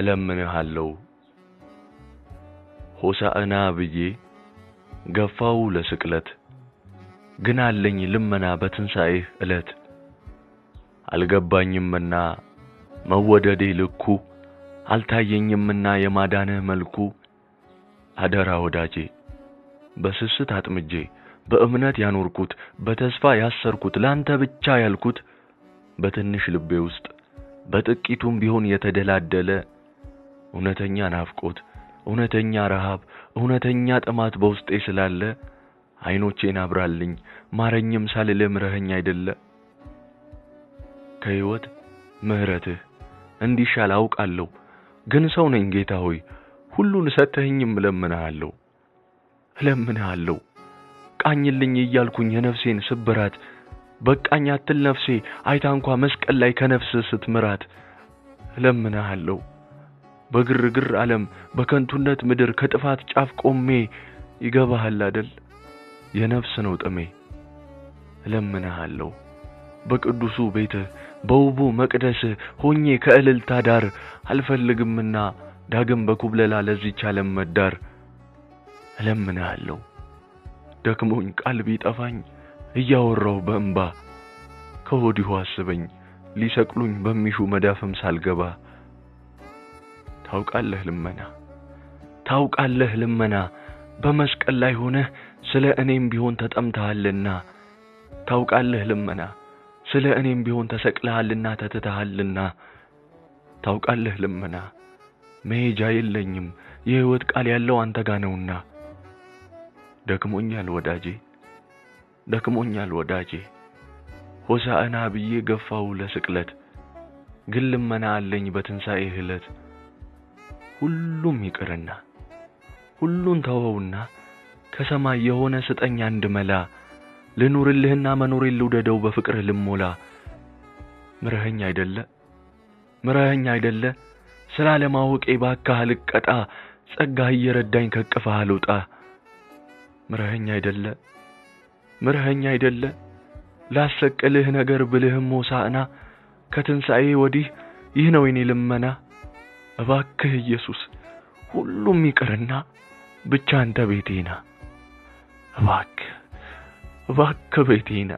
እለምንሃለሁ። ሆሳዕና ብዬ ገፋው ለስቅለት፣ ግን አለኝ ልመና በትንሣኤህ ዕለት። አልገባኝምና መወደዴ ልኩ አልታየኝምና የማዳንህ መልኩ። አደራ ወዳጄ በስስት አጥምጄ በእምነት ያኖርኩት በተስፋ ያሰርኩት ላንተ ብቻ ያልኩት በትንሽ ልቤ ውስጥ በጥቂቱም ቢሆን የተደላደለ እውነተኛ ናፍቆት፣ እውነተኛ ረሃብ፣ እውነተኛ ጥማት በውስጤ ስላለ አይኖቼን አብራልኝ ማረኝም ሳልል ምረኸኝ አይደለ ከሕይወት ምሕረትህ እንዲሻል አውቃለሁ። ግን ሰው ነኝ ጌታ ሆይ ሁሉን ሰተኸኝም እለምንሃለሁ እለምንሃለሁ ቃኝልኝ እያልኩኝ የነፍሴን ስብራት በቃኝ አትል ነፍሴ አይታ እንኳ መስቀል ላይ ከነፍስ ስትምራት እለምንሃለሁ። በግርግር ዓለም በከንቱነት ምድር ከጥፋት ጫፍ ቆሜ ይገባሃል አደል የነፍስ ነው ጥሜ እለምንሃለሁ በቅዱሱ ቤትህ በውቡ መቅደስህ ሆኜ ከእልልታ ዳር አልፈልግምና ዳግም በኩብለላ ለዚች ዓለም መዳር እለምንሃለሁ ደክሞኝ ቃል ቢጠፋኝ እያወራው በእንባ ከሆዲሁ አስበኝ ሊሰቅሉኝ በሚሹ መዳፍም ሳልገባ ታውቃለህ ልመና ታውቃለህ ልመና በመስቀል ላይ ሆነህ ስለ እኔም ቢሆን ተጠምተሃልና ታውቃለህ ልመና ስለ እኔም ቢሆን ተሰቅለሃልና ተትተሃልና ታውቃለህ ልመና መሄጃ የለኝም የሕይወት ቃል ያለው አንተ ጋ ነውና ደክሞኛል ወዳጄ ደክሞኛል ወዳጄ ሆሳዕና ብዬ ገፋው ለስቅለት ግን ልመና አለኝ በትንሣኤ ዕለት ሁሉም ይቅርና ሁሉን ተወውና ከሰማይ የሆነ ስጠኝ አንድ መላ ልኑርልህና መኖሬን ልውደደው በፍቅርህ ልሞላ። ምረኸኝ አይደለ ምረኸኝ አይደለ ስራ ለማወቄ ባካህ ልቀጣ ጸጋ እየረዳኝ ከቅፍህ አልውጣ። ምረኸኝ አይደለ ምረኸኝ አይደለ ላሰቅልህ ነገር ብልህም ሆሳዕና ከትንሣኤ ወዲህ ይህ ነው የኔ ልመና። እባክህ ኢየሱስ ሁሉም ይቅርና ብቻ አንተ ቤቴና እባክህ እባክህ ቤቴና